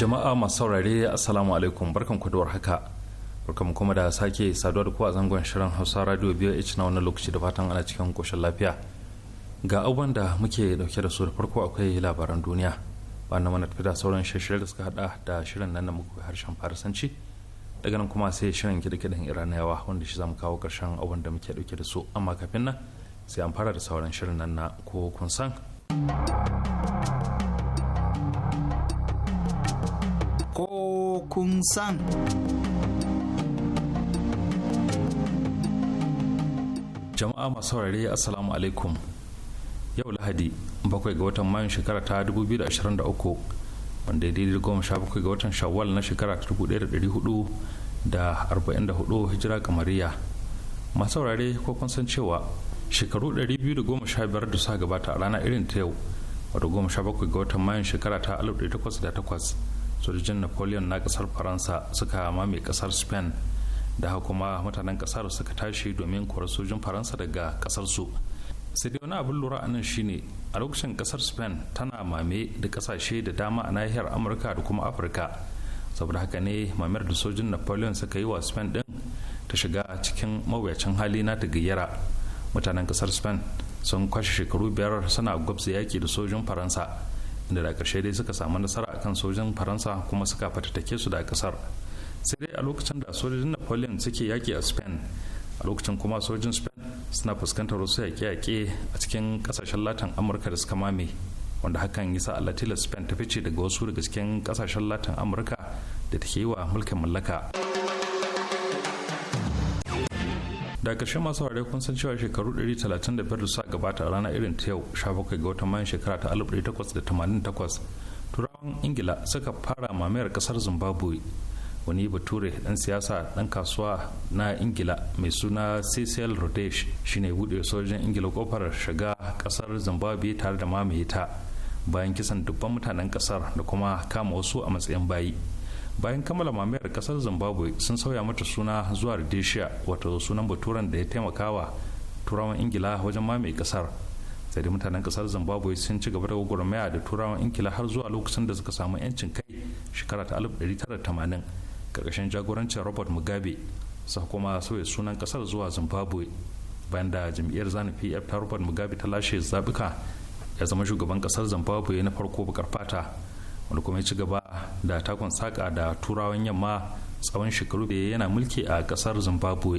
jama'a masu saurare assalamu alaikum barkan ku da haka barkan kuma da sake saduwa da ku a zangon shirin hausa radio biyu h na wani lokaci da fatan ana cikin koshin lafiya ga abubuwan da muke dauke da su da farko akwai labaran duniya na mana tafi da sauran shirye da suka hada da shirin nan da muka harshen farisanci daga nan kuma sai shirin kiɗe na yawa wanda shi zamu kawo karshen abubuwan da muke dauke da su amma kafin nan sai an fara da sauran shirin nan na ko kun san ko kun san. jama'a masu saurare assalamu alaikum yau lahadi bakwai ga watan mayun shekara ta 2023 wanda ya daidai goma sha bakwai ga watan shawwal na shekara ta 1444 hijira kamariya masu saurare ko kun san cewa shekaru 215 da suka gabata a rana irin ta yau wadda goma sha bakwai ga watan mayun shekara ta 1808 sojojin napoleon na kasar faransa suka mame kasar spain da kuma mutanen kasar suka tashi domin kora sojin faransa daga kasar su sai dai wani abin lura a nan shine a lokacin kasar spain tana mame da kasashe da dama a nahiyar amurka da kuma afirka saboda haka ne mamayar da sojin napoleon suka yi wa spain din ta shiga a cikin mawuyacin hali na ta gayyara mutanen kasar spain sun kwashe shekaru biyar suna gwabza yaki da sojin faransa inda da karshe dai suka samu nasara akan sojin faransa kuma suka fatattake su da kasar sai dai a lokacin da sojojin napoleon suke yaki a spain a lokacin kuma sojin spain suna fuskantar wasu yaƙe-yaƙe a cikin ƙasashen latin amurka da suka mame wanda hakan ya sa alatila spain ta fice daga wasu daga cikin ƙasashen latin amurka da take yi wa mulkin mallaka. da ƙarshe masu ware kun san cewa shekaru 135 da suka gabata rana irin ta yau 17 ga watan mayan shekara ta 1888 turawan ingila suka fara mamayar kasar zimbabwe wani bature dan siyasa dan kasuwa na ingila mai suna cecil rhodesh shine bude sojin ingila kofar shiga kasar zimbabwe tare da mamaye ta bayan kisan dubban mutanen kasar da kuma kama wasu a matsayin bayi bayan kammala mamayar kasar zimbabwe sun sauya mata suna zuwa rhodesia wato sunan baturan da ya taimakawa turawan ingila wajen mamaye kasar sai da mutanen kasar zimbabwe sun ci gaba da gwagwarmaya da turawan ingila har zuwa lokacin da suka samu yancin kai shekara ta 1980 karkashin jagorancin robert mugabe sa kuma sauya sunan kasar zuwa zimbabwe bayan da jam'iyyar zanu pf ta robert mugabe ta lashe zabuka ya zama shugaban kasar zimbabwe na farko bakar fata wanda kuma ya ci gaba da takon saka da turawan yamma tsawon shekaru da yana mulki a kasar zimbabwe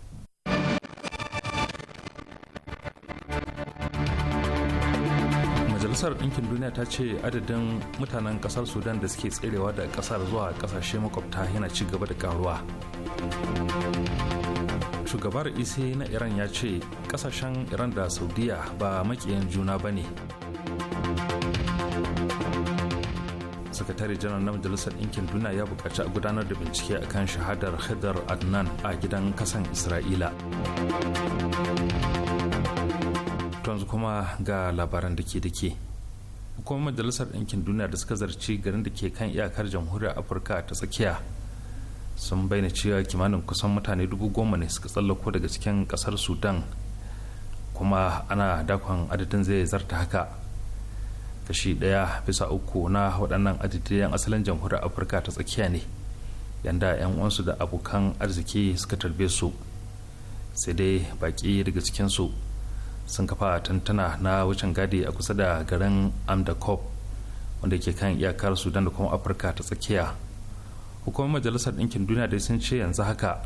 kasar ɗinkin duniya ta ce adadin mutanen kasar sudan da suke tserewa da ƙasar zuwa ƙasashe makwabta yana ci gaba da karuwa shugabar ise na iran ya ce ƙasashen iran da saudiya ba makiyan juna ba ne sakatare janar na majalisar ɗinkin duniya ya buƙaci a gudanar da bincike akan shahadar hadar adnan a gidan kasan isra'ila yanzu kuma ga labaran da ke da ke kuma majalisar ɗinkin duniya da suka zarci garin da ke kan iyakar jamhuriyar afirka ta tsakiya sun bayyana cewa kimanin kusan mutane dubu goma ne suka tsallako daga cikin ƙasar sudan kuma ana dakon adadin zai zarta haka kashi ɗaya bisa uku na waɗannan adadin asalin jamhuriyar afirka ta tsakiya ne yanda 'yan uwansu da abokan arziki suka tarbe su sai dai baƙi daga cikinsu sun kafa tantana na wucin gadi a kusa da garin amdakop wanda ke kan iyakar sudan da kuma afirka ta tsakiya hukumar majalisar ɗinkin duniya da sun ce yanzu haka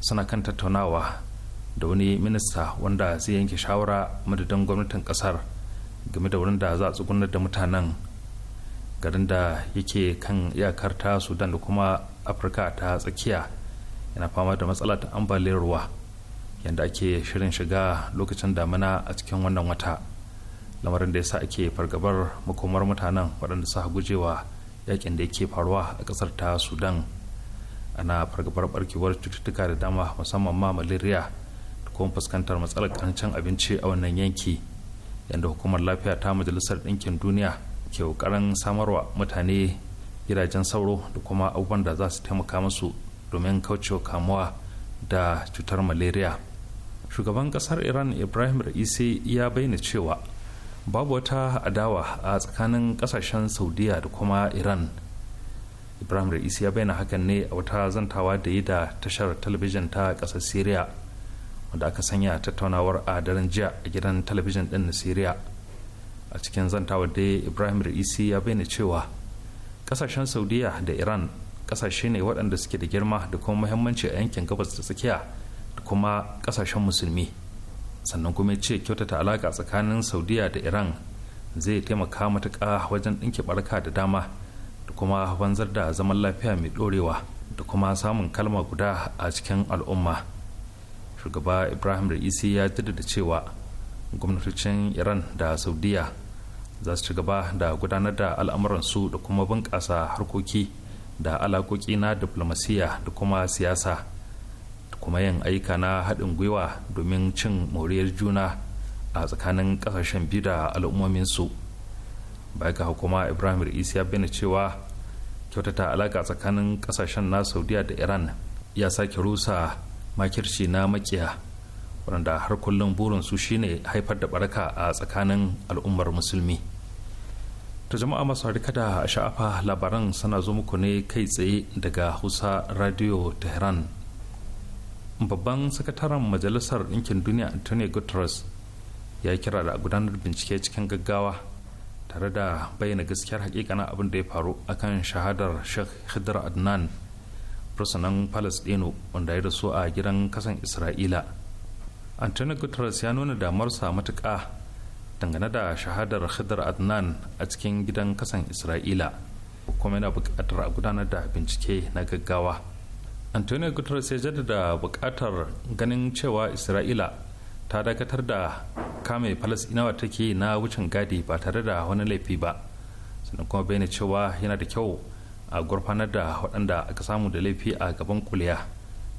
suna kan tattaunawa da wani minista wanda zai yanke shawara madadin gwamnatin kasar game da wurin da za a tsugunar da mutanen garin da yake kan iyakar ta sudan da kuma afirka ta tsakiya yana fama da matsala ta ambaliyar ruwa yadda ake shirin shiga lokacin damina a cikin wannan wata lamarin da ya sa ake fargabar makomar mutanen waɗanda suka gujewa yakin da yake faruwa a ƙasar ta sudan ana fargabar barkewar cututtuka da dama musamman ma malaria da kuma fuskantar matsalar ƙarancin abinci a wannan yanki yadda hukumar lafiya ta majalisar ɗinkin duniya ke ƙoƙarin samarwa mutane gidajen sauro da kuma abubuwan da za su taimaka musu domin kaucewa kamuwa da cutar malaria. shugaban kasar iran ibrahim ra'isi ya bayyana cewa babu wata adawa a tsakanin kasashen saudiya da kuma iran ibrahim ra'isi ya bayyana hakan ne a wata zantawa da yi da tashar talabijin ta kasar syria wanda aka sanya tattaunawar a daren jiya a gidan talabijin din na syria a cikin zantawar da ibrahim ra'isi ya bayyana cewa kasashen saudiya da iran kasashe ne waɗanda suke da girma da kuma muhimmanci a yankin gabas da tsakiya da kuma kasashen musulmi sannan kuma ya ce kyautata alaƙa tsakanin saudiya da iran zai taimaka matuƙa wajen ɗinke barka da dama da kuma wanzar da zaman lafiya mai ɗorewa da kuma samun kalma guda a cikin al'umma shugaba ibrahim da isi ya jaddada cewa gwamnatocin iran da saudiya za su ci gaba da gudanar da al'amuransu da kuma bunƙasa harkoki da alaƙoƙi na diplomasiya da kuma siyasa kuma yin aika na haɗin gwiwa domin cin moriyar juna a tsakanin ƙasashen biyu da al'ummominsu bai ga hukuma ibrahim isa ya bayyana cewa kyautata alaƙa tsakanin ƙasashen na saudiya da iran ya sake rusa makirci na makiya wadanda har kullum burinsu shine haifar da baraka a tsakanin al'ummar musulmi ta jama'a masu harika da sha'afa labaran sana zo muku ne kai tsaye daga hausa radio tehran babban sakataren majalisar ɗinkin duniya antonio guterres ya kira da gudanar bincike cikin gaggawa tare da bayyana gaskiyar hakikanin abin da ya faru akan shahadar sheikh khidr adnan fursunan palestino wanda ya rasu a gidan kasan isra'ila antonio guterres ya nuna damarsa matuka dangane da shahadar khidr adnan a cikin gidan kasan isra'ila kuma yana buƙatar a gudanar da bincike na gaggawa antonio guterres ya jaddada bukatar ganin cewa isra'ila ta dakatar da kame falasɗinawa take na wucin gadi ba tare da wani laifi ba sannan kuma bayyana cewa yana da kyau a gurfanar da waɗanda aka samu da laifi a gaban kuliya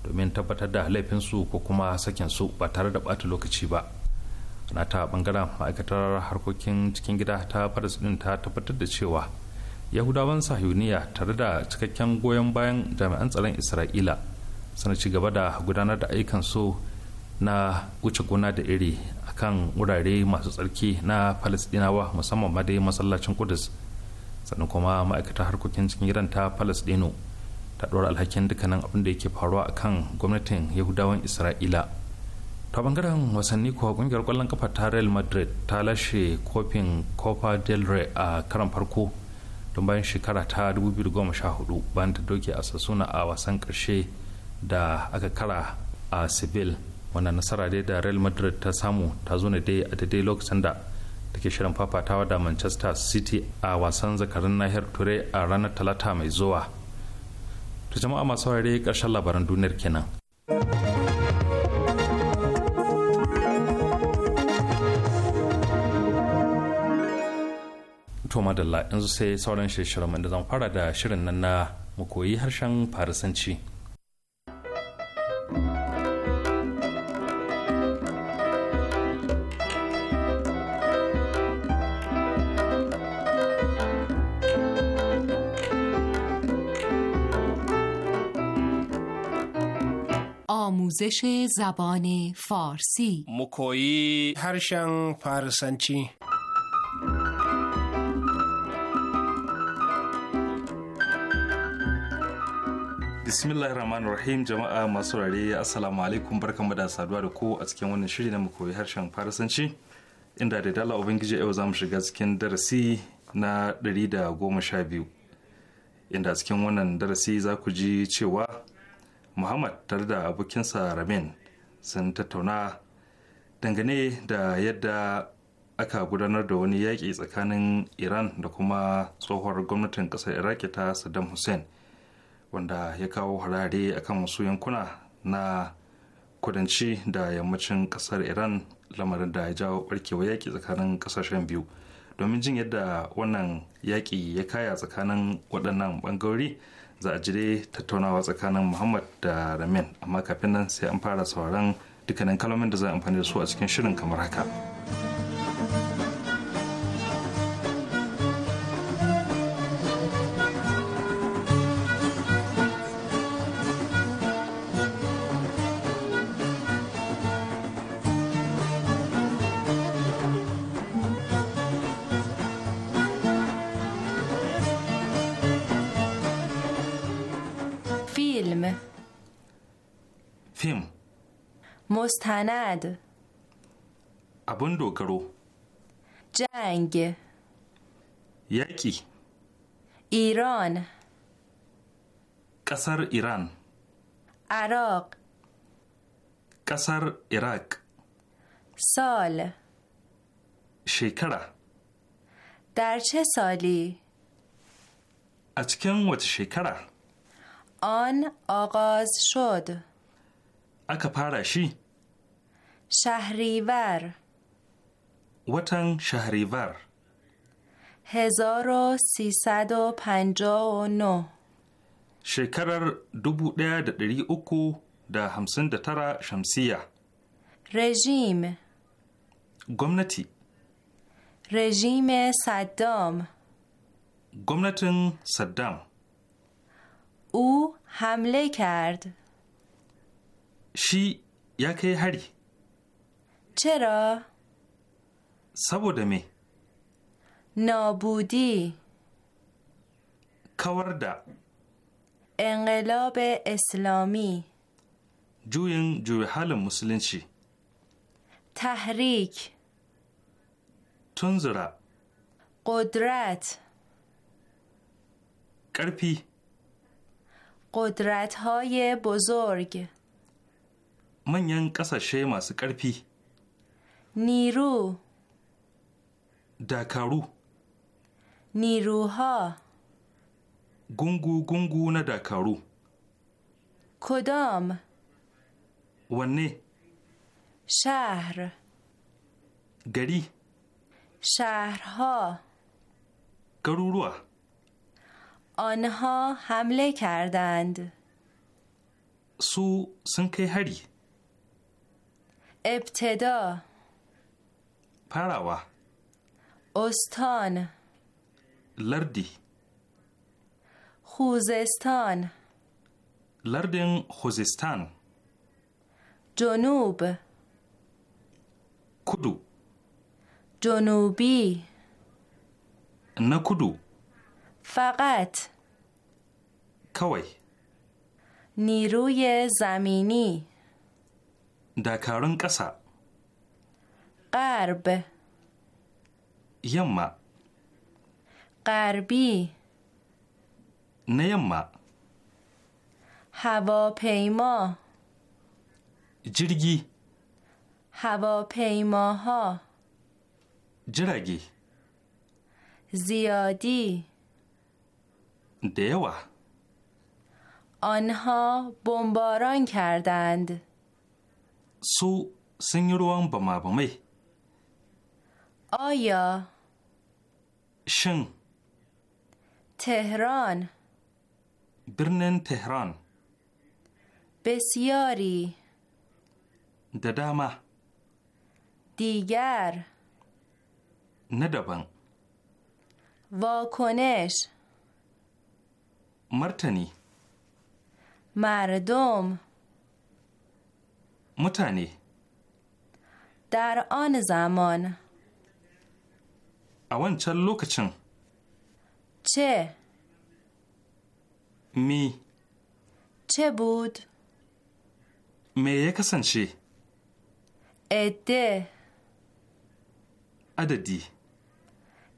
domin tabbatar da laifinsu ko kuma sakinsu ba tare da ɓata lokaci ba na ta ɓangaren ma'aikatar harkokin cikin gida ta faras ta tabbatar da cewa yahudawan sahuniya tare da cikakken goyon bayan jami'an tsaron isra'ila suna ci gaba da gudanar da ayyukan so na wuce gona da iri a kan wurare masu tsarki na palestinawa musamman ma dai masallacin kudus sannan kuma ma'aikata harkokin cikin gidan ta palestino ta ɗora alhakin dukkanin abin da yake faruwa a kan gwamnatin yahudawan isra'ila ta bangaren wasanni kuwa kungiyar kwallon kafa ta real madrid ta lashe kofin copa del rey a karan farko tun bayan shekara ta 2014 bayan ta doke a sassuna a wasan karshe da aka kara a seville wannan nasara dai da real madrid ta samu ta zo ne dai a daidai lokacin da take shirin fafatawa da manchester city a wasan zakarin nahiyar turai a ranar talata mai zuwa to jama'a masu karshen labaran duniyar kenan. to madalla yanzu sai sauran shirin inda zan fara da shirin nan na mu harshen farisanci آموزش زبان فارسی مکویی هرشن فارسنچی Bismillahirrahmanirrahim jama'a masu rare assalamu alaikum barkanmu da saduwa da ku a cikin wannan shiri na mukoyi harshen farasanci inda da dala ubangiji yau zamu shiga cikin darasi na ɗari da goma sha biyu inda cikin wannan darasi za ku ji cewa Muhammad tare da abokinsa Ramin sun tattauna dangane da yadda aka gudanar da wani yaƙi tsakanin Iran da kuma tsohuwar gwamnatin ƙasar Iraki ta Saddam Hussein wanda ya kawo harare akan wasu yankuna na kudanci da yammacin kasar iran lamarin da ya jawo barkewa yaƙi tsakanin kasashen biyu domin jin yadda wannan yaƙi ya kaya tsakanin waɗannan ɓangarori za a jire tattaunawa tsakanin muhammad da ramin amma kafin nan sai an fara sauran dukkanin kalamin da za a amfani da su a cikin shirin kamar haka. مستند ابون دوگرو جنگ یکی ایران قصر ایران عراق قصر عراق سال شکر در چه سالی؟ اچکن چه شکره آن آغاز شد اکا پارشی شهریور وطن شهریور هزار و سیصد و پنجا و نو شکرر دوبو ده دری اکو ده همسن ده ترا شمسیه رژیم گمنتی رژیم صدام گمنتن صدام او حمله کرد شی یا که هری چرا؟ سبوده می نابودی کورده انقلاب اسلامی جوین جوی حال چی تحریک تنزره قدرت کرپی قدرت های بزرگ من قصه ماسو کرپی نیرو دکارو نیروها گونگو گونگو نه دکارو کدام ونه شهر گری شهرها گرورو آنها حمله کردند سو سنکه هری ابتدا پراوا استان لردی خوزستان لردن خوزستان جنوب کدو جنوبی نکدو فقط کوی نیروی زمینی دکارن کسا غرب یما غربی نیما هواپیما جرگی هواپیماها جرگی زیادی دیوه آنها بمباران کردند سو سنگروان بما آیا شن تهران برنن تهران بسیاری ددامه دیگر ندبن واکنش مرتنی مردم متنی در آن زمان a wancan lokacin Ce. Mi. Ce بود Me ya kasance Adadi.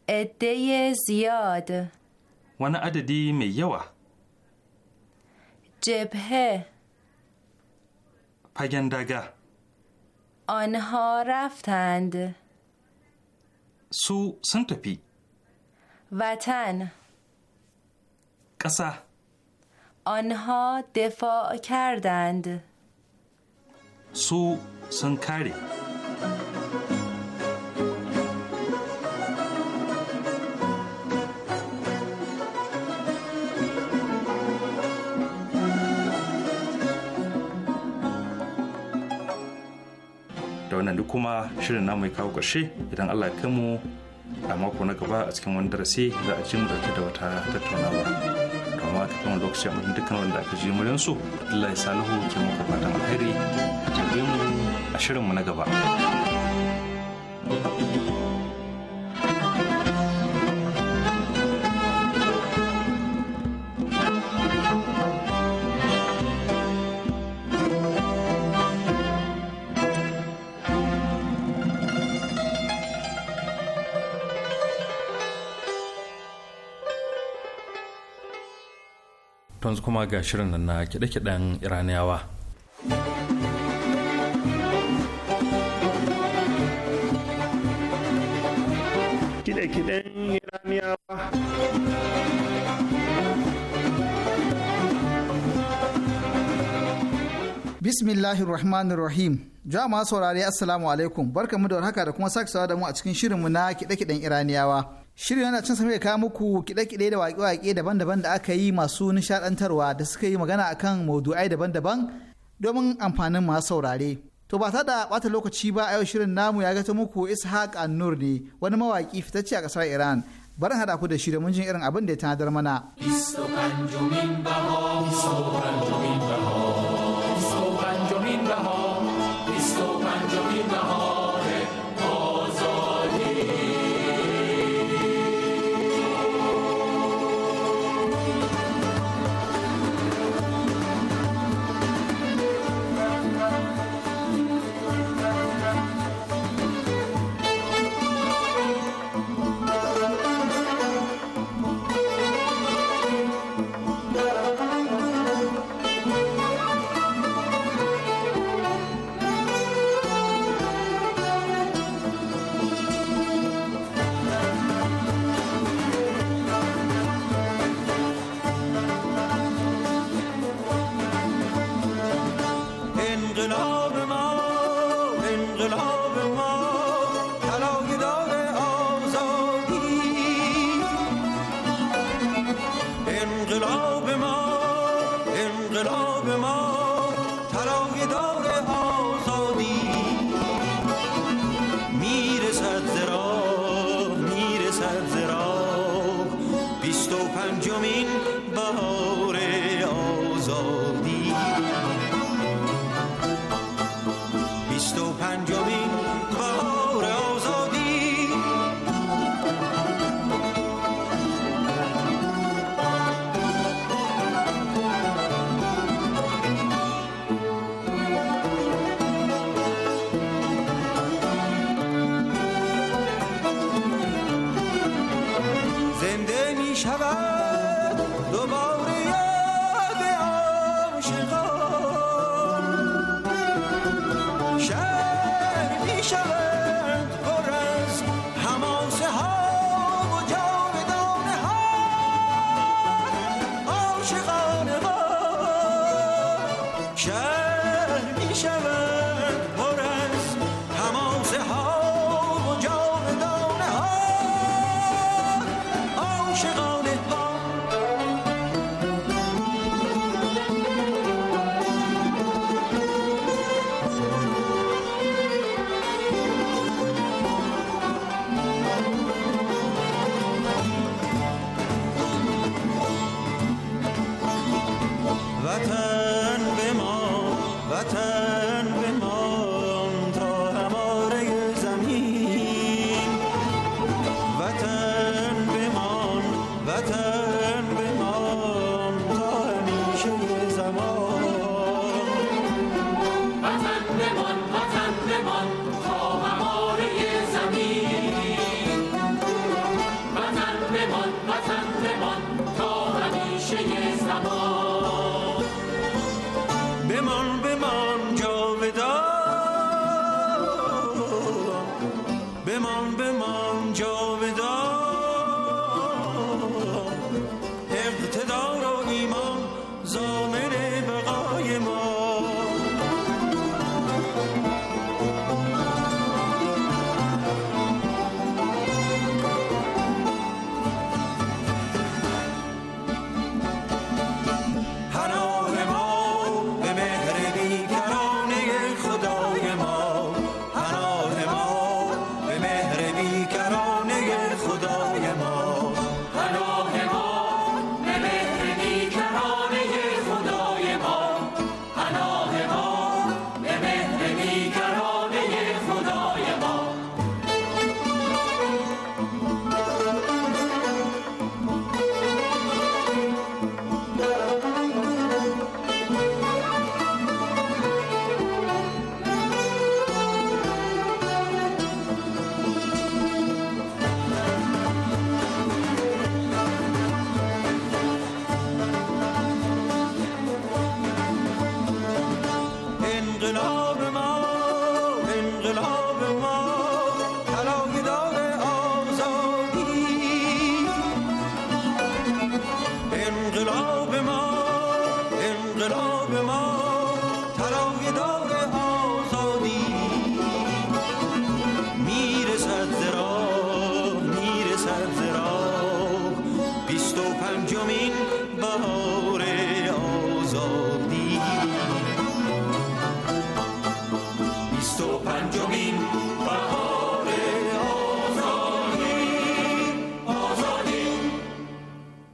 عددی ya زیاد wani adadi mai yawa. Jebhe Fagen daga Onha raftand su sun tafi. Vatan. Ƙasa. Onha defa kardand. Su sun kare. wannan kuma shirin namu ya kawo ƙarshe idan allah ya mu a mako na gaba a cikin wani darasi za a ci mu da wata tattaunawa kuma kafin kan lokaci a mutum dukkan wanda aka ji muryan su allah ya salihu ke muku fatan alheri a cikin mu a shirin mu na gaba thank you yanzu kuma ga shirin nan na kiɗe-kiɗen iraniyawa kiɗe-kiɗen iraniyawa bismillahirrahmanirrahim jama'a saurari assalamu alaikum barkamu da warhaka da kuma sake da mu a cikin shirinmu na kiɗe-kiɗen iraniyawa Shirin yana cin da kawo muku kide-kide da waƙe-waƙe daban-daban da aka yi masu nishaɗantarwa da suka yi magana akan maudu'ai daban-daban domin amfanin masu saurare. To ba ta da ɓata lokaci ba a yau shirin namu ya gata muku Ishaq annur ne wani mawaƙi fitacce a ƙasar Iran. barin haɗa ku da shi domin jin irin abin da ya tanadar mana. Shut up.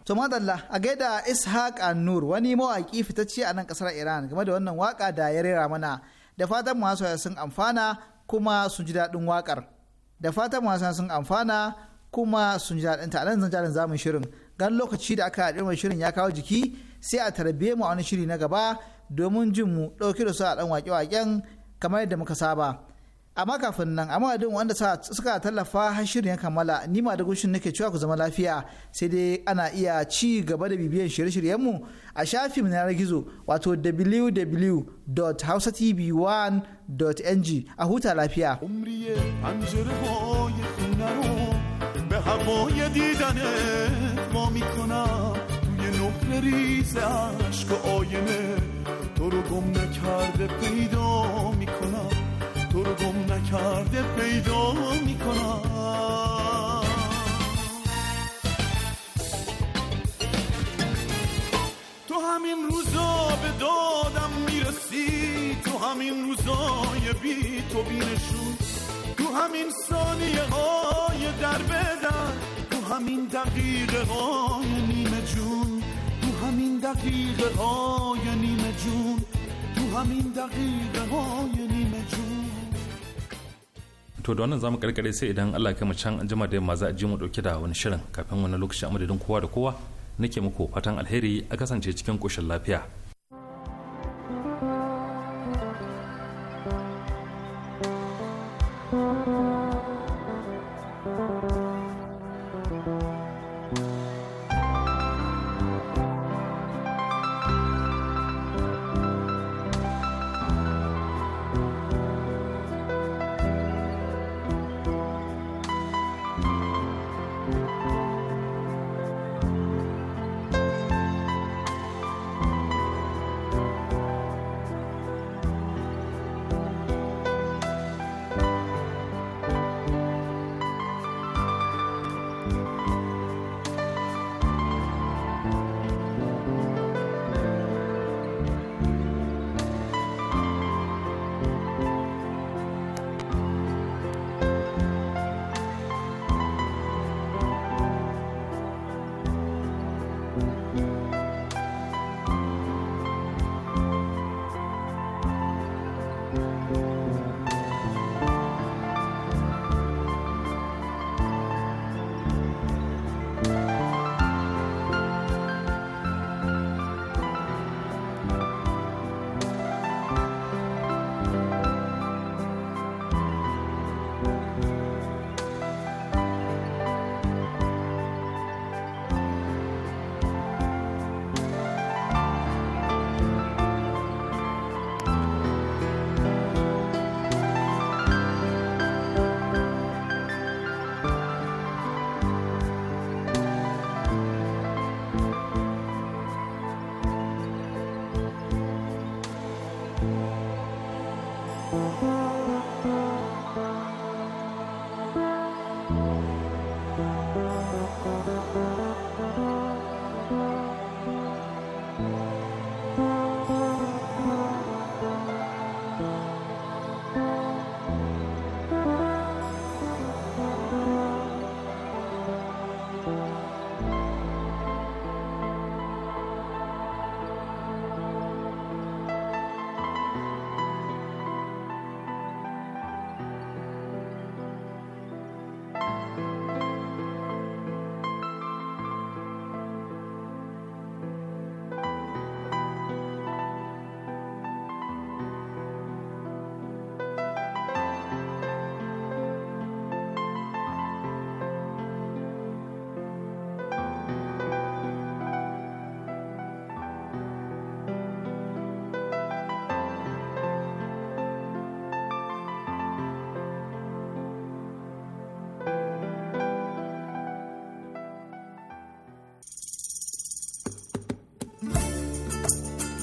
To madalla a gaida Ishaq An-Nur wani mawaƙi fitacce a nan kasar Iran game da wannan waka da ya rera mana da fatan masu sun amfana kuma sun ji daɗin wakar Da fatan masu sun amfana kuma sun ji daɗin ta nan zan jarin zamun shirin. Gan lokaci da aka haɗe mai shirin ya kawo jiki sai a tarbe mu a wani shiri na gaba domin jin mu ɗauki da su a ɗan waƙe-waƙen kamar yadda muka saba amma kafin nan amma adin wanda suka tallafa har shirin ya kammala ni ma da gushin nake cewa ku zama lafiya sai dai ana iya ci gaba da bibiyan shirye-shiryenmu a shafin na gizo wato www.hausatv1.ng a huta lafiya تو رو گم نکرده پیدا میکنم تو همین روزا به دادم میرسی تو همین روزای بی تو بینشون تو همین ثانیه های در بدن تو همین دقیقه های نیمه جون تو همین دقیقه های نیمه جون تو همین دقیقه های نیمه جون to da wannan zamu karkare sai idan Allah kai mu can an da yamma za a ji mu dauke da wani shirin kafin wani lokaci amadadin kowa da kowa nake muku fatan alheri a kasance cikin koshin lafiya